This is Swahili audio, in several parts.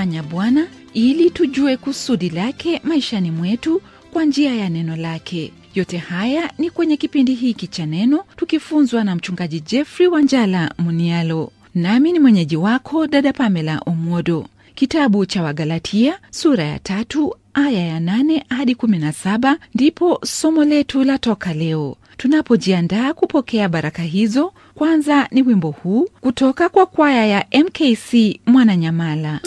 analolifanya Bwana ili tujue kusudi lake maishani mwetu kwa njia ya neno lake. Yote haya ni kwenye kipindi hiki cha Neno, tukifunzwa na Mchungaji Jeffrey njala Munialo, nami ni mwenyeji wako dada Pamela Omwodo. Kitabu cha Wagalatia sura ya tatu aya ya nane hadi kumi na saba ndipo somo letu la toka leo. Tunapojiandaa kupokea baraka hizo, kwanza ni wimbo huu kutoka kwa kwaya ya MKC Mwananyamala.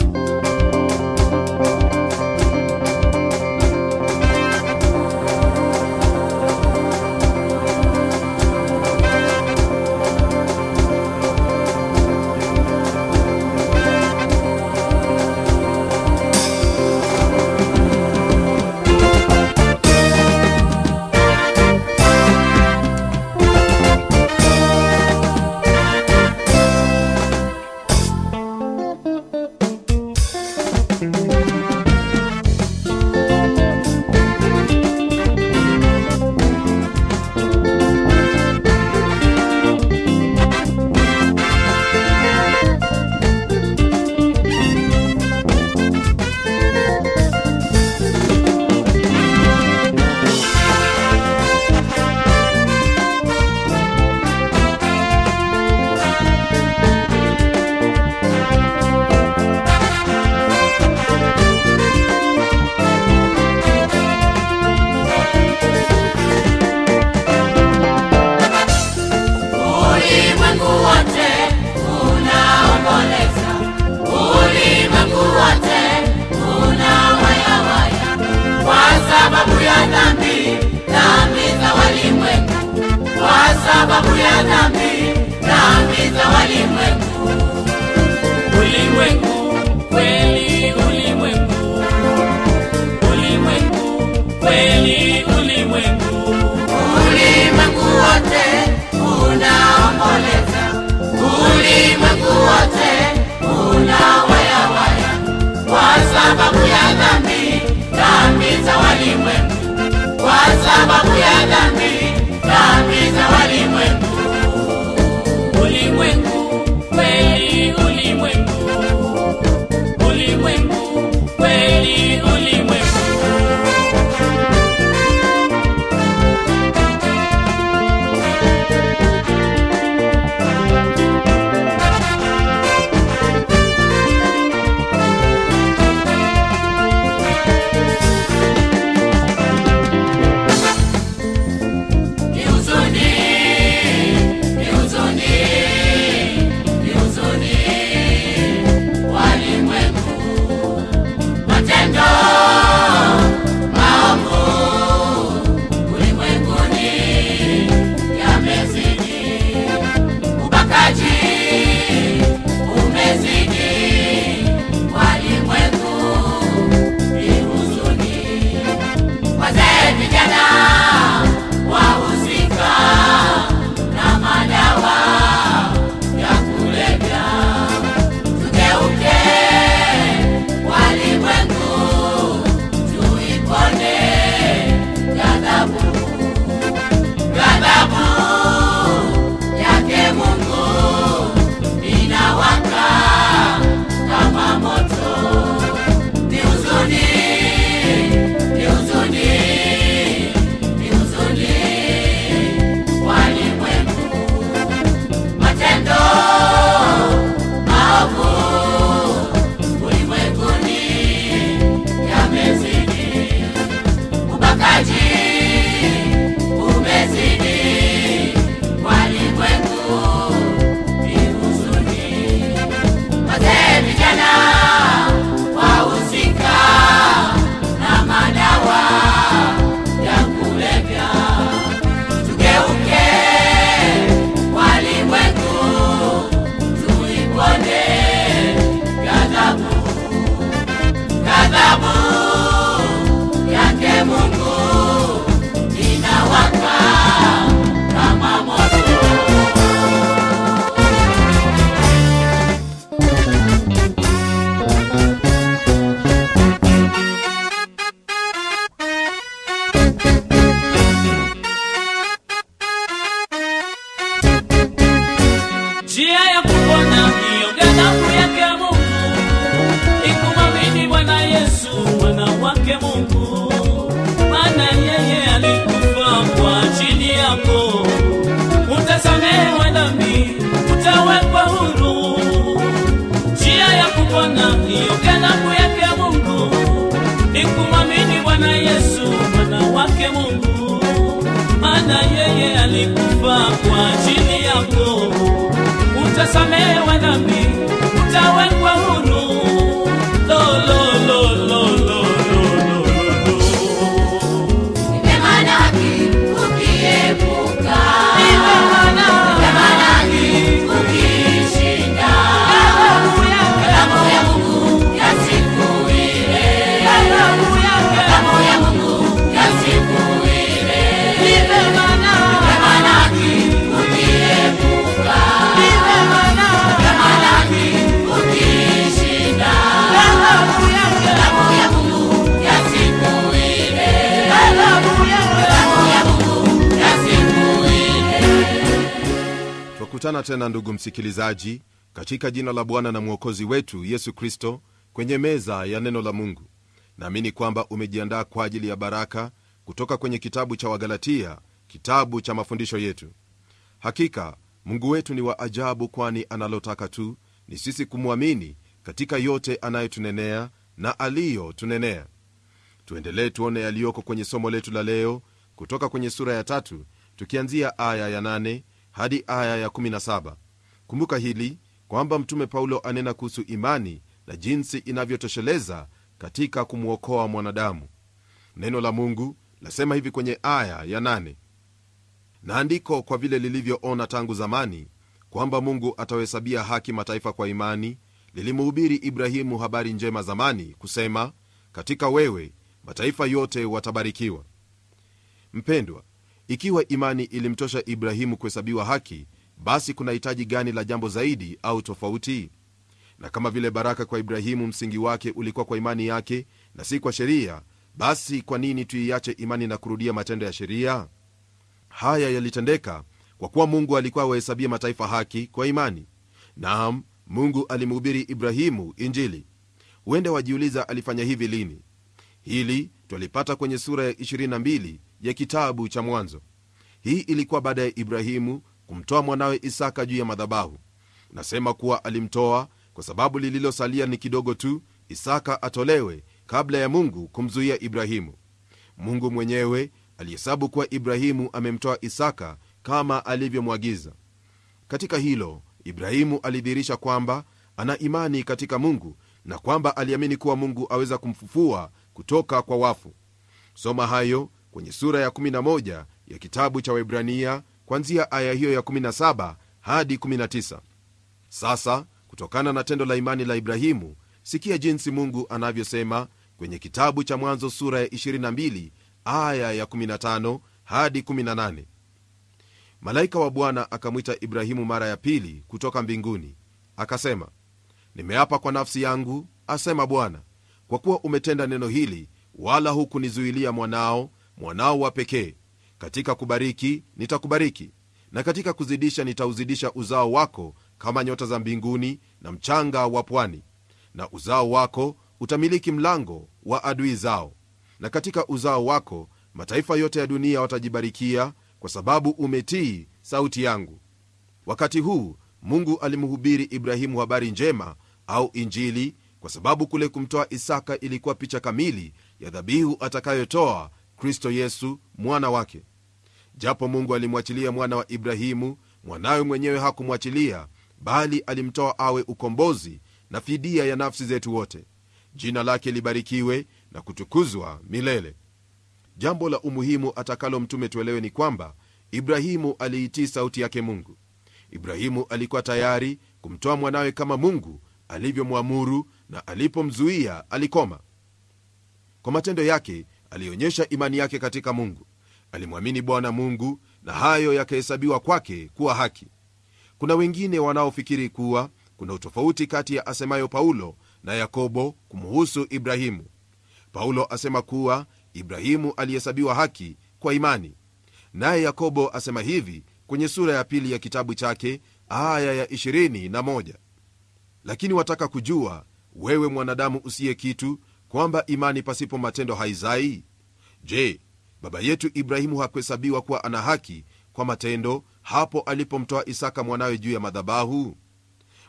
tunakutana tena ndugu msikilizaji katika jina la bwana na mwokozi wetu yesu kristo kwenye meza ya neno la mungu naamini kwamba umejiandaa kwa ajili ya baraka kutoka kwenye kitabu cha wagalatia kitabu cha mafundisho yetu hakika mungu wetu ni wa ajabu kwani analotaka tu ni sisi kumwamini katika yote anayetunenea na aliyotunenea tuendelee tuone yaliyoko kwenye somo letu la leo kutoka kwenye sura ya tatu tukianzia aya ya nane hadi aya ya 17. Kumbuka hili kwamba Mtume Paulo anena kuhusu imani na jinsi inavyotosheleza katika kumwokoa mwanadamu. Neno la Mungu lasema hivi kwenye aya ya 8: na andiko kwa vile lilivyoona tangu zamani kwamba Mungu atawahesabia haki mataifa kwa imani, lilimhubiri Ibrahimu habari njema zamani, kusema, katika wewe mataifa yote watabarikiwa. Mpendwa, ikiwa imani ilimtosha Ibrahimu kuhesabiwa haki, basi kuna hitaji gani la jambo zaidi au tofauti? Na kama vile baraka kwa Ibrahimu msingi wake ulikuwa kwa imani yake na si kwa sheria, basi kwa nini tuiache imani na kurudia matendo ya sheria? Haya yalitendeka kwa kuwa Mungu alikuwa awahesabia mataifa haki kwa imani. Naam, Mungu alimhubiri Ibrahimu Injili. Huenda wajiuliza alifanya hivi lini? Hili twalipata kwenye sura ya ya kitabu cha Mwanzo. Hii ilikuwa baada ya Ibrahimu kumtoa mwanawe Isaka juu ya madhabahu. Nasema kuwa alimtoa kwa sababu lililosalia ni kidogo tu, Isaka atolewe kabla ya Mungu kumzuia Ibrahimu. Mungu mwenyewe alihesabu kuwa Ibrahimu amemtoa Isaka kama alivyomwagiza. Katika hilo Ibrahimu alidhihirisha kwamba ana imani katika Mungu na kwamba aliamini kuwa Mungu aweza kumfufua kutoka kwa wafu. Soma hayo kwenye sura ya 11 ya kitabu cha Waebrania kuanzia aya hiyo ya 17 hadi 19. Sasa kutokana na tendo la imani la Ibrahimu, sikia jinsi Mungu anavyosema kwenye kitabu cha Mwanzo sura ya 22 aya ya 15 hadi 18. Malaika wa Bwana akamwita Ibrahimu mara ya pili kutoka mbinguni, akasema, nimeapa kwa nafsi yangu, asema Bwana, kwa kuwa umetenda neno hili, wala hukunizuilia mwanao mwanao wa pekee. Katika kubariki nitakubariki, na katika kuzidisha nitauzidisha uzao wako kama nyota za mbinguni na mchanga wa pwani, na uzao wako utamiliki mlango wa adui zao, na katika uzao wako mataifa yote ya dunia watajibarikia, kwa sababu umetii sauti yangu. Wakati huu Mungu alimhubiri Ibrahimu habari njema au Injili, kwa sababu kule kumtoa Isaka ilikuwa picha kamili ya dhabihu atakayotoa kristo yesu mwana wake japo mungu alimwachilia mwana wa ibrahimu mwanawe mwenyewe hakumwachilia bali alimtoa awe ukombozi na fidia ya nafsi zetu wote jina lake libarikiwe na kutukuzwa milele jambo la umuhimu atakalo mtume tuelewe ni kwamba ibrahimu aliitii sauti yake mungu ibrahimu alikuwa tayari kumtoa mwanawe kama mungu alivyomwamuru na alipomzuia alikoma kwa matendo yake alionyesha imani yake katika Mungu. Alimwamini Bwana Mungu, na hayo yakahesabiwa kwake kuwa haki. Kuna wengine wanaofikiri kuwa kuna utofauti kati ya asemayo Paulo na Yakobo kumuhusu Ibrahimu. Paulo asema kuwa Ibrahimu alihesabiwa haki kwa imani, naye Yakobo asema hivi kwenye sura ya pili ya kitabu chake aya ya 21: lakini wataka kujua wewe mwanadamu usiye kitu, kwamba imani pasipo matendo haizai? Je, baba yetu Ibrahimu hakuhesabiwa kuwa ana haki kwa matendo hapo alipomtoa Isaka mwanawe juu ya madhabahu?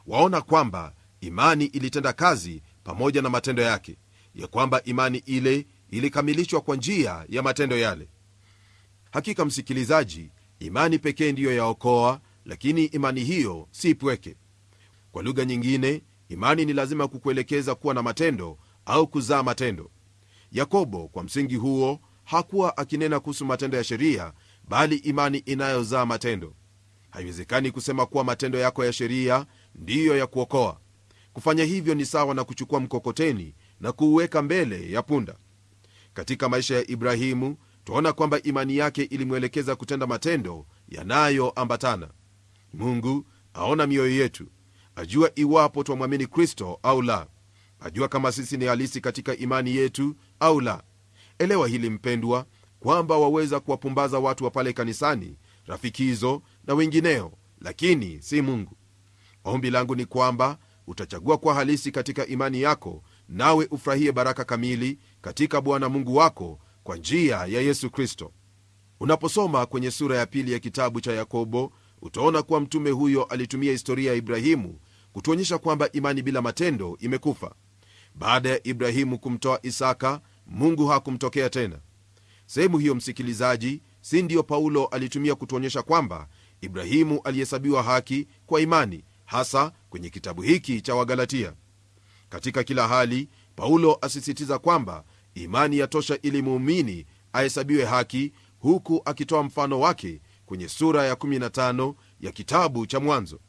Waona kwamba imani ilitenda kazi pamoja na matendo yake, ya kwamba imani ile ilikamilishwa kwa njia ya matendo yale. Hakika msikilizaji, imani pekee ndiyo yaokoa, lakini imani hiyo si pweke. Kwa lugha nyingine, imani ni lazima kukuelekeza kuwa na matendo au kuzaa matendo. Yakobo kwa msingi huo hakuwa akinena kuhusu matendo ya sheria, bali imani inayozaa matendo. Haiwezekani kusema kuwa matendo yako ya sheria ndiyo ya kuokoa. Kufanya hivyo ni sawa na kuchukua mkokoteni na kuuweka mbele ya punda. Katika maisha ya Ibrahimu twaona kwamba imani yake ilimwelekeza kutenda matendo yanayoambatana. Mungu aona mioyo yetu, ajua iwapo twamwamini Kristo au la ajua kama sisi ni halisi katika imani yetu au la elewa hili mpendwa kwamba waweza kuwapumbaza watu wa pale kanisani rafiki hizo na wengineo lakini si mungu ombi langu ni kwamba utachagua kwa halisi katika imani yako nawe ufurahie baraka kamili katika bwana mungu wako kwa njia ya yesu kristo unaposoma kwenye sura ya pili ya kitabu cha yakobo utaona kuwa mtume huyo alitumia historia ya ibrahimu kutuonyesha kwamba imani bila matendo imekufa baada ya Ibrahimu kumtoa Isaka, Mungu hakumtokea tena. Sehemu hiyo, msikilizaji, si ndiyo Paulo alitumia kutuonyesha kwamba Ibrahimu alihesabiwa haki kwa imani, hasa kwenye kitabu hiki cha Wagalatia. Katika kila hali, Paulo asisitiza kwamba imani yatosha ili muumini ahesabiwe haki, huku akitoa mfano wake kwenye sura ya 15 ya kitabu cha Mwanzo.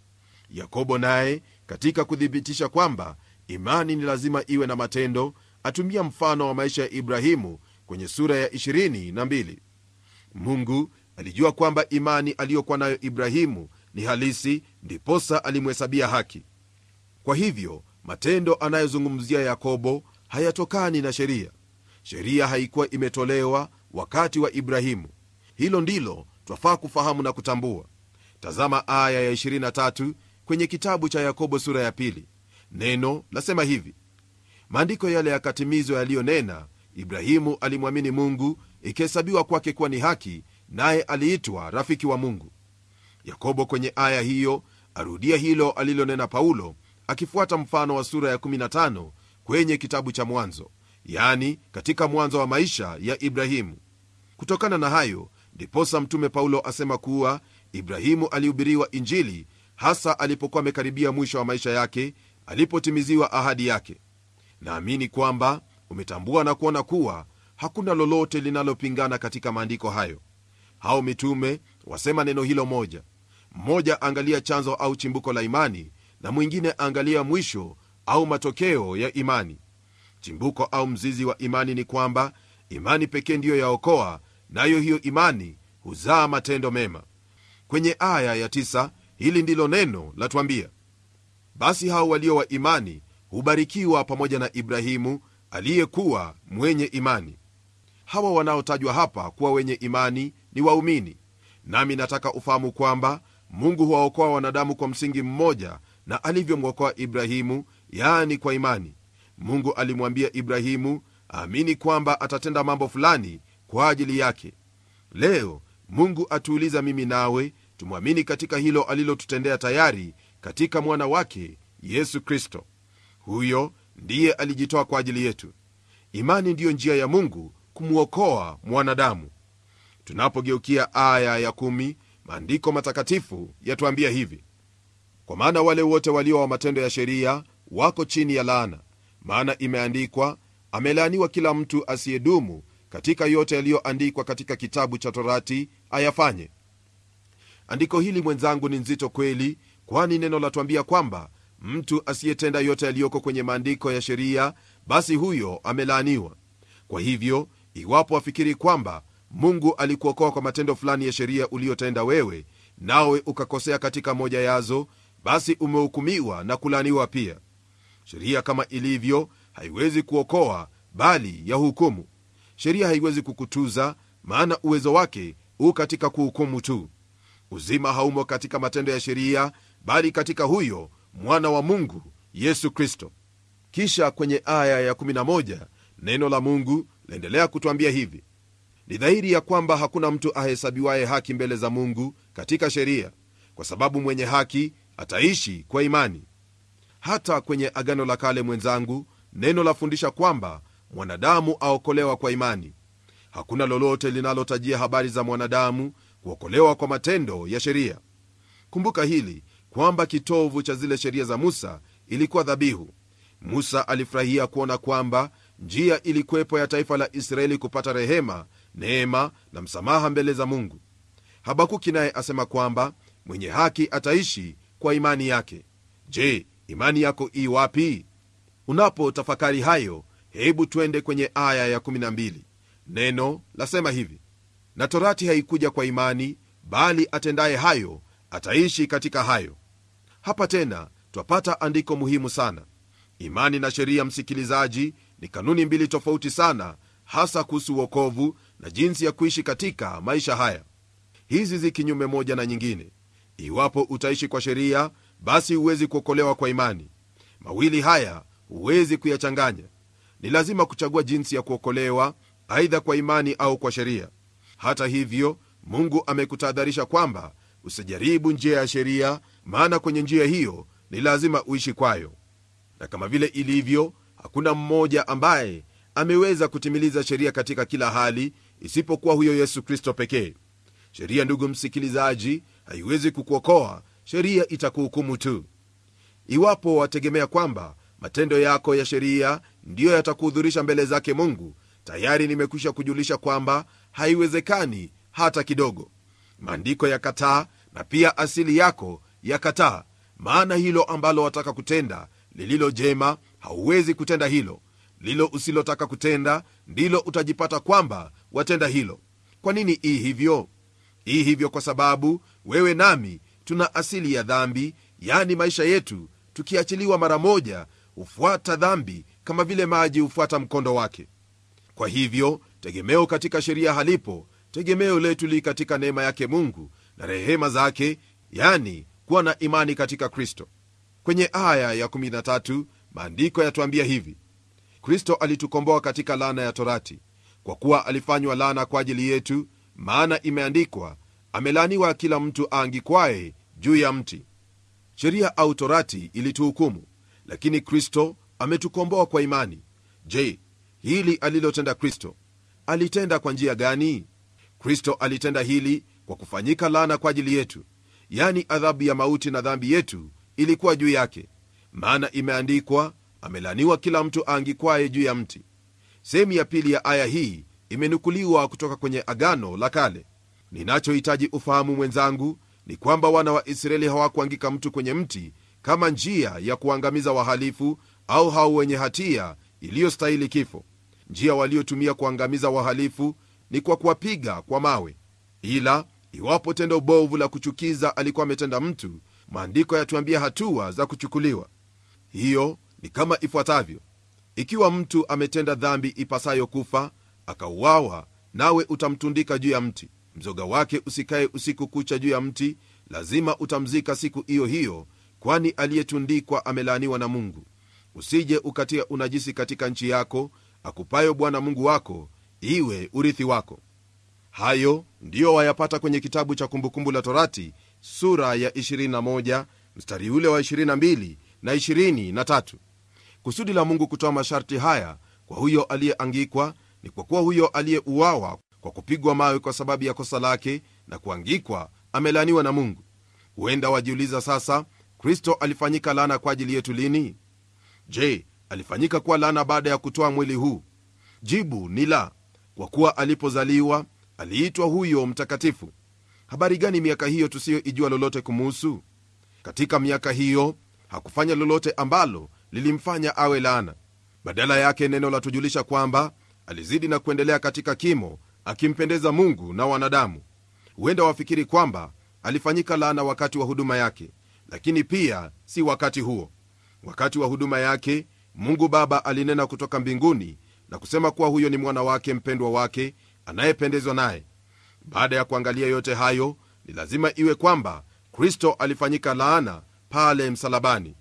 Yakobo naye katika kuthibitisha kwamba Imani ni lazima iwe na matendo. Atumia mfano wa maisha ya Ibrahimu kwenye sura ya 22. Mungu alijua kwamba imani aliyokuwa nayo Ibrahimu ni halisi, ndiposa alimhesabia haki. Kwa hivyo matendo anayozungumzia Yakobo hayatokani na sheria. Sheria haikuwa imetolewa wakati wa Ibrahimu. Hilo ndilo twafaa kufahamu na kutambua. Tazama aya ya 23 kwenye kitabu cha Yakobo sura ya pili. Neno lasema hivi, maandiko yale yakatimizwa yaliyonena, Ibrahimu alimwamini Mungu, ikihesabiwa kwake kuwa ni haki, naye aliitwa rafiki wa Mungu. Yakobo kwenye aya hiyo arudia hilo alilonena Paulo, akifuata mfano wa sura ya 15 kwenye kitabu cha Mwanzo, yani katika mwanzo wa maisha ya Ibrahimu. Kutokana na hayo ndiposa Mtume Paulo asema kuwa Ibrahimu alihubiriwa Injili hasa alipokuwa amekaribia mwisho wa maisha yake, alipotimiziwa ahadi yake. Naamini kwamba umetambua na kuona kuwa hakuna lolote linalopingana katika maandiko hayo. Hao mitume wasema neno hilo moja, mmoja angalia chanzo au chimbuko la imani, na mwingine angalia mwisho au matokeo ya imani. Chimbuko au mzizi wa imani ni kwamba imani pekee ndiyo yaokoa, nayo hiyo imani huzaa matendo mema. Kwenye aya ya tisa hili ndilo neno la twambia basi hao walio wa imani hubarikiwa pamoja na Ibrahimu aliyekuwa mwenye imani. Hawa wanaotajwa hapa kuwa wenye imani ni waumini, nami nataka ufahamu kwamba Mungu huwaokoa wanadamu kwa msingi mmoja na alivyomwokoa Ibrahimu, yaani kwa imani. Mungu alimwambia Ibrahimu aamini kwamba atatenda mambo fulani kwa ajili yake. Leo Mungu atuuliza mimi nawe tumwamini katika hilo alilotutendea tayari katika mwana wake Yesu Kristo. Huyo ndiye alijitoa kwa ajili yetu. Imani ndiyo njia ya Mungu kumwokoa mwanadamu. Tunapogeukia aya ya kumi, maandiko matakatifu yatuambia hivi: kwa maana wale wote walio wa matendo ya sheria wako chini ya laana, maana imeandikwa, amelaaniwa kila mtu asiyedumu katika yote yaliyoandikwa katika kitabu cha Torati ayafanye. Andiko hili mwenzangu, ni nzito kweli, kwani neno latuambia kwamba mtu asiyetenda yote yaliyoko kwenye maandiko ya sheria, basi huyo amelaaniwa. Kwa hivyo, iwapo wafikiri kwamba Mungu alikuokoa kwa matendo fulani ya sheria uliyotenda wewe, nawe ukakosea katika moja yazo, basi umehukumiwa na kulaaniwa pia. Sheria kama ilivyo haiwezi kuokoa, bali ya hukumu. Sheria haiwezi kukutuza, maana uwezo wake u katika kuhukumu tu. Uzima haumo katika matendo ya sheria, bali katika huyo mwana wa Mungu Yesu Kristo. Kisha kwenye aya ya 11 neno la Mungu laendelea kutwambia hivi: ni dhahiri ya kwamba hakuna mtu ahesabiwaye haki mbele za Mungu katika sheria, kwa sababu mwenye haki ataishi kwa imani. Hata kwenye Agano la Kale, mwenzangu, neno lafundisha kwamba mwanadamu aokolewa kwa imani. Hakuna lolote linalotajia habari za mwanadamu kuokolewa kwa matendo ya sheria. Kumbuka hili kwamba kitovu cha zile sheria za Musa ilikuwa dhabihu. Musa alifurahia kuona kwamba njia ilikwepo ya taifa la Israeli kupata rehema, neema na msamaha mbele za Mungu. Habakuki naye asema kwamba mwenye haki ataishi kwa imani yake. Je, imani yako ii wapi? Unapotafakari hayo, hebu twende kwenye aya ya 12. Neno lasema hivi: na torati haikuja kwa imani, bali atendaye hayo ataishi katika hayo. Hapa tena twapata andiko muhimu sana. Imani na sheria, msikilizaji, ni kanuni mbili tofauti sana, hasa kuhusu uokovu na jinsi ya kuishi katika maisha haya. Hizi zi kinyume moja na nyingine. Iwapo utaishi kwa sheria, basi huwezi kuokolewa kwa imani. Mawili haya huwezi kuyachanganya. Ni lazima kuchagua jinsi ya kuokolewa, aidha kwa imani au kwa sheria. Hata hivyo, Mungu amekutahadharisha kwamba usijaribu njia ya sheria, maana kwenye njia hiyo ni lazima uishi kwayo na kama vile ilivyo hakuna mmoja ambaye ameweza kutimiliza sheria katika kila hali isipokuwa huyo yesu kristo pekee sheria ndugu msikilizaji haiwezi kukuokoa sheria itakuhukumu tu iwapo wategemea kwamba matendo yako ya sheria ndiyo yatakuhudhurisha mbele zake mungu tayari nimekwisha kujulisha kwamba haiwezekani hata kidogo maandiko ya kataa na pia asili yako yakataa, maana hilo ambalo wataka kutenda lililo jema hauwezi kutenda hilo, lilo usilotaka kutenda ndilo utajipata kwamba watenda hilo. Kwa nini ii hivyo? Ii hivyo kwa sababu wewe nami tuna asili ya dhambi, yaani maisha yetu tukiachiliwa mara moja hufuata dhambi kama vile maji hufuata mkondo wake. Kwa hivyo tegemeo katika sheria halipo, tegemeo letu li katika neema yake Mungu na rehema zake, yani kuwa na imani katika Kristo. Kwenye aya ya 13 maandiko yatuambia hivi: Kristo alitukomboa katika laana ya Torati, kwa kuwa alifanywa laana kwa ajili yetu, maana imeandikwa, amelaaniwa kila mtu aangikwaye juu ya mti. Sheria au Torati ilituhukumu, lakini Kristo ametukomboa kwa imani. Je, hili alilotenda Kristo alitenda kwa njia gani? Kristo alitenda hili kwa kufanyika laana kwa ajili yetu, yani adhabu ya mauti na dhambi yetu ilikuwa juu yake maana imeandikwa amelaniwa kila mtu aangikwaye juu ya mti sehemu ya pili ya aya hii imenukuliwa kutoka kwenye agano la kale ninachohitaji ufahamu mwenzangu ni kwamba wana wa israeli hawakuangika mtu kwenye mti kama njia ya kuangamiza wahalifu au hao wenye hatia iliyostahili kifo njia waliotumia kuangamiza wahalifu ni kwa kuwapiga kwa mawe ila Iwapo tendo bovu la kuchukiza alikuwa ametenda mtu, maandiko yatuambia hatua za kuchukuliwa. Hiyo ni kama ifuatavyo: ikiwa mtu ametenda dhambi ipasayo kufa, akauawa, nawe utamtundika juu ya mti. Mzoga wake usikae usiku kucha juu ya mti, lazima utamzika siku hiyo hiyo, kwani aliyetundikwa amelaaniwa na Mungu. Usije ukatia unajisi katika nchi yako akupayo Bwana Mungu wako iwe urithi wako hayo ndiyo wayapata kwenye kitabu cha kumbukumbu la torati sura ya 21 mstari ule wa 22 na 23 kusudi la mungu kutoa masharti haya kwa huyo aliyeangikwa ni kwa kuwa huyo aliyeuawa kwa kupigwa mawe kwa sababu ya kosa lake na kuangikwa amelaniwa na mungu huenda wajiuliza sasa kristo alifanyika lana kwa ajili yetu lini je alifanyika kuwa lana baada ya kutoa mwili huu jibu ni la kwa kuwa alipozaliwa aliitwa huyo mtakatifu. Habari gani miaka hiyo tusiyoijua lolote kumuhusu? Katika miaka hiyo hakufanya lolote ambalo lilimfanya awe laana. Badala yake neno latujulisha kwamba alizidi na kuendelea katika kimo, akimpendeza Mungu na wanadamu. Huenda wafikiri kwamba alifanyika laana wakati wa huduma yake, lakini pia si wakati huo. Wakati wa huduma yake Mungu Baba alinena kutoka mbinguni na kusema kuwa huyo ni mwana wake mpendwa wake anayependezwa naye. Baada ya kuangalia yote hayo, ni lazima iwe kwamba Kristo alifanyika laana pale msalabani.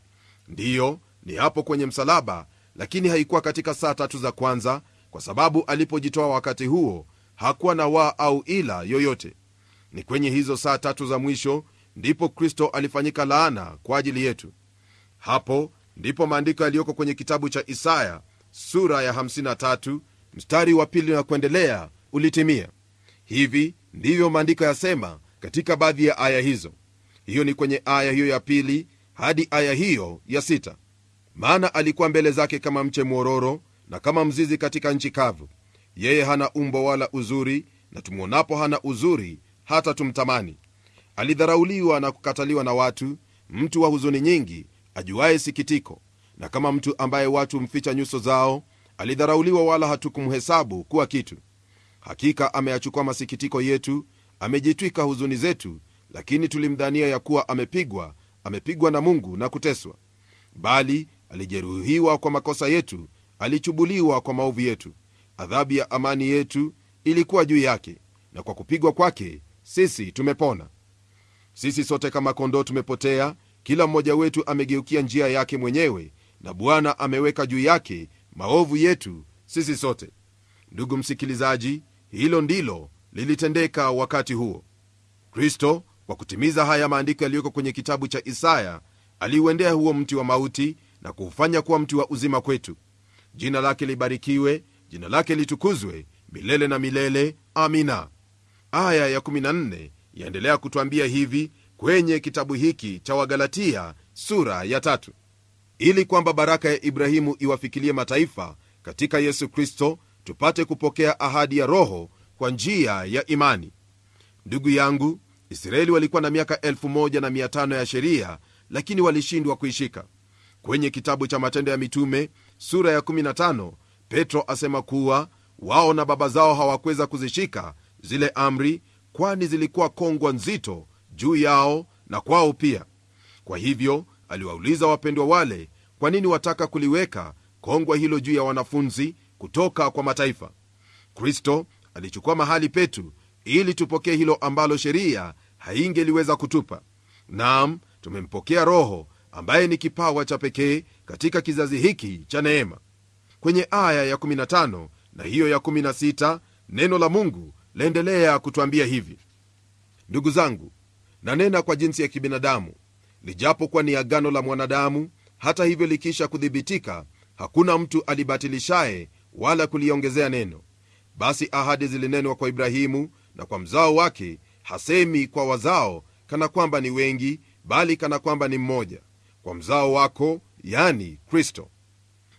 Ndiyo, ni hapo kwenye msalaba, lakini haikuwa katika saa tatu za kwanza, kwa sababu alipojitoa wakati huo hakuwa na waa au ila yoyote. Ni kwenye hizo saa tatu za mwisho ndipo Kristo alifanyika laana kwa ajili yetu. Hapo ndipo maandiko yaliyoko kwenye kitabu cha Isaya sura ya 53 mstari wa pili na kuendelea ulitimia. Hivi ndivyo maandiko yasema katika baadhi ya aya hizo. Hiyo ni kwenye aya hiyo ya pili hadi aya hiyo ya sita. Maana alikuwa mbele zake kama mche mwororo na kama mzizi katika nchi kavu, yeye hana umbo wala uzuri, na tumwonapo hana uzuri hata tumtamani. Alidharauliwa na kukataliwa na watu, mtu wa huzuni nyingi, ajuaye sikitiko, na kama mtu ambaye watu mficha nyuso zao, alidharauliwa, wala hatukumhesabu kuwa kitu. Hakika ameyachukua masikitiko yetu, amejitwika huzuni zetu, lakini tulimdhania ya kuwa amepigwa, amepigwa na Mungu na kuteswa. Bali alijeruhiwa kwa makosa yetu, alichubuliwa kwa maovu yetu. Adhabu ya amani yetu ilikuwa juu yake, na kwa kupigwa kwake sisi tumepona. Sisi sote kama kondoo tumepotea, kila mmoja wetu amegeukia njia yake mwenyewe, na Bwana ameweka juu yake maovu yetu sisi sote. Ndugu msikilizaji, hilo ndilo lilitendeka wakati huo. Kristo kwa kutimiza haya maandiko yaliyoko kwenye kitabu cha Isaya aliuendea huo mti wa mauti na kuufanya kuwa mti wa uzima kwetu. Jina lake libarikiwe, jina lake litukuzwe milele na milele. Amina. Aya ya 14 yaendelea kutwambia hivi kwenye kitabu hiki cha Wagalatia sura ya tatu, ili kwamba baraka ya Ibrahimu iwafikilie mataifa katika Yesu Kristo tupate kupokea ahadi ya Roho kwa njia ya imani. Ndugu yangu, Israeli walikuwa na miaka 1500 ya sheria, lakini walishindwa kuishika. Kwenye kitabu cha Matendo ya Mitume sura ya 15, Petro asema kuwa wao na baba zao hawakuweza kuzishika zile amri, kwani zilikuwa kongwa nzito juu yao na kwao pia. Kwa hivyo aliwauliza wapendwa wale, kwa nini wataka kuliweka kongwa hilo juu ya wanafunzi kutoka kwa mataifa. Kristo alichukua mahali petu ili tupokee hilo ambalo sheria haingeliweza kutupa. nam tumempokea Roho ambaye ni kipawa cha pekee katika kizazi hiki cha neema. Kwenye aya ya 15 na hiyo ya 16 neno la Mungu laendelea kutwambia hivi: ndugu zangu, nanena kwa jinsi ya kibinadamu, lijapokuwa ni agano la mwanadamu, hata hivyo likiisha kuthibitika, hakuna mtu alibatilishaye wala kuliongezea neno. Basi ahadi zilinenwa kwa Ibrahimu na kwa mzao wake, hasemi kwa wazao kana kwamba ni wengi, bali kana kwamba ni mmoja, kwa mzao wako, yani Kristo.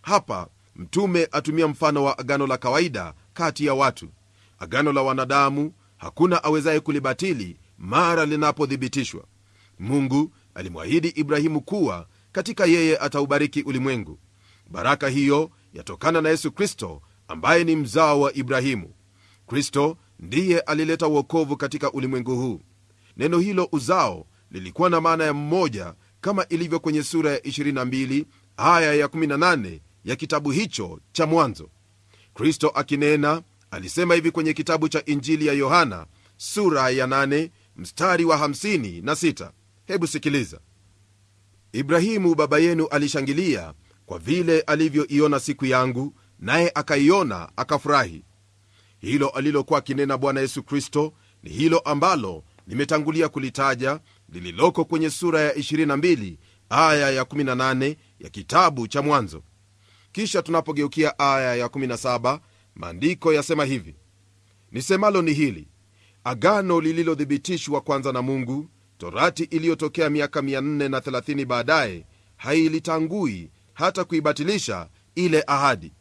Hapa mtume atumia mfano wa agano la kawaida kati ya watu. Agano la wanadamu hakuna awezaye kulibatili mara linapothibitishwa. Mungu alimwahidi Ibrahimu kuwa katika yeye ataubariki ulimwengu. Baraka hiyo yatokana na Yesu Kristo ambaye ni mzao wa Ibrahimu. Kristo ndiye alileta uokovu katika ulimwengu huu. Neno hilo uzao lilikuwa na maana ya mmoja, kama ilivyo kwenye sura ya 22 aya ya 18 ya kitabu hicho cha Mwanzo. Kristo akinena alisema hivi kwenye kitabu cha Injili ya Yohana sura ya 8 mstari wa 56. Hebu sikiliza: Ibrahimu baba yenu alishangilia kwa vile alivyoiona siku yangu, naye akaiona akafurahi. Hilo alilokuwa akinena Bwana Yesu Kristo ni hilo ambalo nimetangulia kulitaja lililoko kwenye sura ya 22 aya ya 18 ya kitabu cha Mwanzo. Kisha tunapogeukia aya ya 17, maandiko yasema hivi: nisemalo ni hili, agano lililothibitishwa kwanza na Mungu, torati iliyotokea miaka 430 baadaye hailitangui hata kuibatilisha ile ahadi.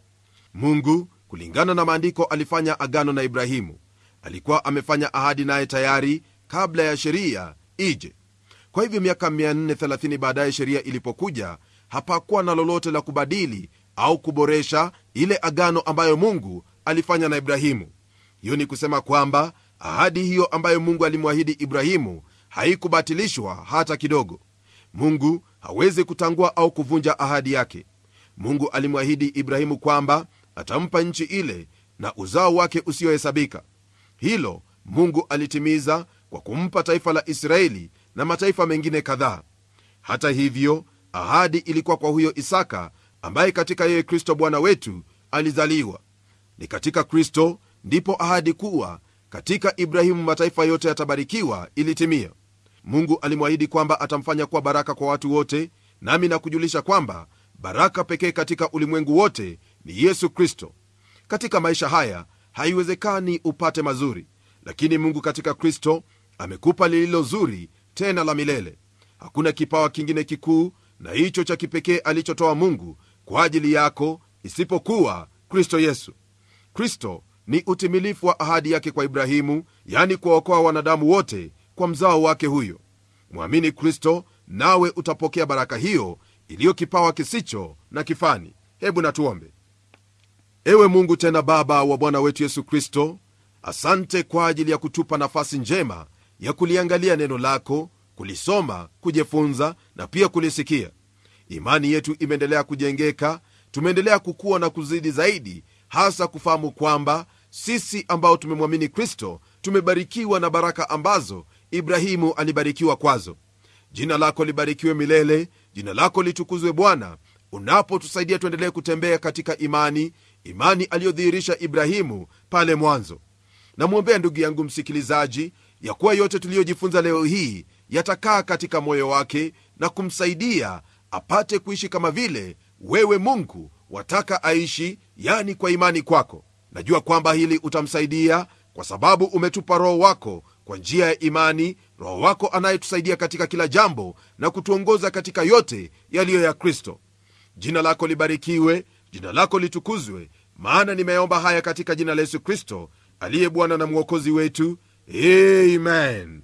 Mungu kulingana na maandiko alifanya agano na Ibrahimu. Alikuwa amefanya ahadi naye tayari kabla ya sheria ije. Kwa hivyo miaka 430 baadaye sheria ilipokuja, hapakuwa na lolote la kubadili au kuboresha ile agano ambayo Mungu alifanya na Ibrahimu. Hiyo ni kusema kwamba ahadi hiyo ambayo Mungu alimwahidi Ibrahimu haikubatilishwa hata kidogo. Mungu hawezi kutangua au kuvunja ahadi yake. Mungu alimwahidi Ibrahimu kwamba atampa nchi ile na uzao wake usiyohesabika Hilo Mungu alitimiza kwa kumpa taifa la Israeli na mataifa mengine kadhaa. Hata hivyo, ahadi ilikuwa kwa huyo Isaka ambaye katika yeye Kristo Bwana wetu alizaliwa. Ni katika Kristo ndipo ahadi kuwa katika Ibrahimu mataifa yote yatabarikiwa ilitimia mungu alimwahidi kwamba atamfanya kuwa baraka kwa watu wote nami nakujulisha kwamba baraka pekee katika ulimwengu wote ni yesu kristo katika maisha haya haiwezekani upate mazuri lakini mungu katika kristo amekupa lililo zuri tena la milele hakuna kipawa kingine kikuu na hicho cha kipekee alichotoa mungu kwa ajili yako isipokuwa kristo yesu kristo ni utimilifu wa ahadi yake kwa ibrahimu yani kuwaokoa wanadamu wote kwa mzao wake huyo. Mwamini Kristo nawe utapokea baraka hiyo iliyo kipawa kisicho na kifani. Hebu natuombe. Ewe Mungu tena Baba wa Bwana wetu Yesu Kristo, asante kwa ajili ya kutupa nafasi njema ya kuliangalia neno lako, kulisoma, kujifunza na pia kulisikia. Imani yetu imeendelea kujengeka, tumeendelea kukuwa na kuzidi zaidi, hasa kufahamu kwamba sisi ambao tumemwamini Kristo tumebarikiwa na baraka ambazo ibrahimu alibarikiwa kwazo jina lako libarikiwe milele jina lako litukuzwe bwana unapotusaidia tuendelee kutembea katika imani imani aliyodhihirisha ibrahimu pale mwanzo namwombea ndugu yangu msikilizaji ya kuwa yote tuliyojifunza leo hii yatakaa katika moyo wake na kumsaidia apate kuishi kama vile wewe mungu wataka aishi yani kwa imani kwako najua kwamba hili utamsaidia kwa sababu umetupa roho wako kwa njia ya imani Roho wako anayetusaidia katika kila jambo na kutuongoza katika yote yaliyo ya Kristo. Jina lako libarikiwe, jina lako litukuzwe, maana nimeomba haya katika jina la Yesu Kristo aliye Bwana na Mwokozi wetu, amen.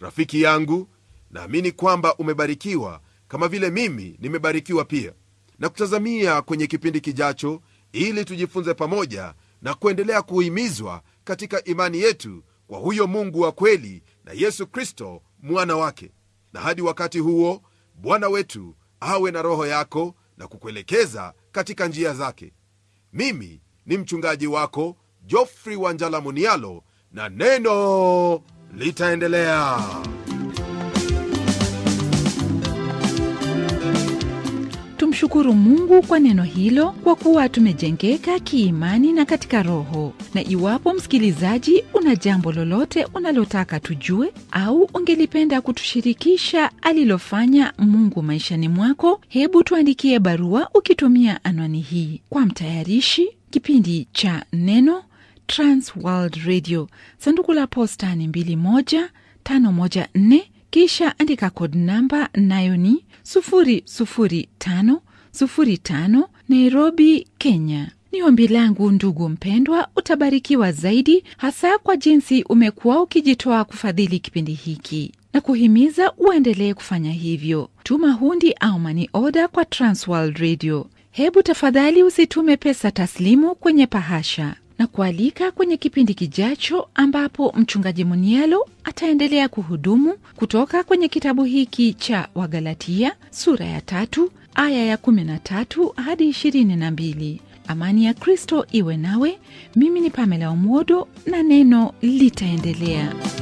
Rafiki yangu, naamini kwamba umebarikiwa kama vile mimi nimebarikiwa pia, na kutazamia kwenye kipindi kijacho, ili tujifunze pamoja na kuendelea kuhimizwa katika imani yetu kwa huyo Mungu wa kweli na Yesu Kristo mwana wake. Na hadi wakati huo, Bwana wetu awe na roho yako na kukuelekeza katika njia zake. Mimi ni mchungaji wako Jofri Wanjala Munialo, na neno litaendelea. Tunamshukuru Mungu kwa neno hilo, kwa kuwa tumejengeka kiimani na katika roho. Na iwapo msikilizaji, una jambo lolote unalotaka tujue au ungelipenda kutushirikisha alilofanya Mungu maishani mwako, hebu tuandikie barua ukitumia anwani hii. Kwa mtayarishi kipindi cha Neno, Trans Radio, sanduku la posta ni 2154 kisha andika kod namba nayo ni 05 Nairobi, Kenya. Ni ombi langu ndugu mpendwa, utabarikiwa zaidi, hasa kwa jinsi umekuwa ukijitoa kufadhili kipindi hiki na kuhimiza uendelee kufanya hivyo. Tuma hundi au mani oda kwa Transworld Radio. Hebu tafadhali usitume pesa taslimu kwenye pahasha na kualika kwenye kipindi kijacho ambapo mchungaji Munialo ataendelea kuhudumu kutoka kwenye kitabu hiki cha Wagalatia sura ya tatu aya ya 13 hadi 22. Amani ya Kristo iwe nawe. Mimi ni Pamela Omwodo na neno litaendelea.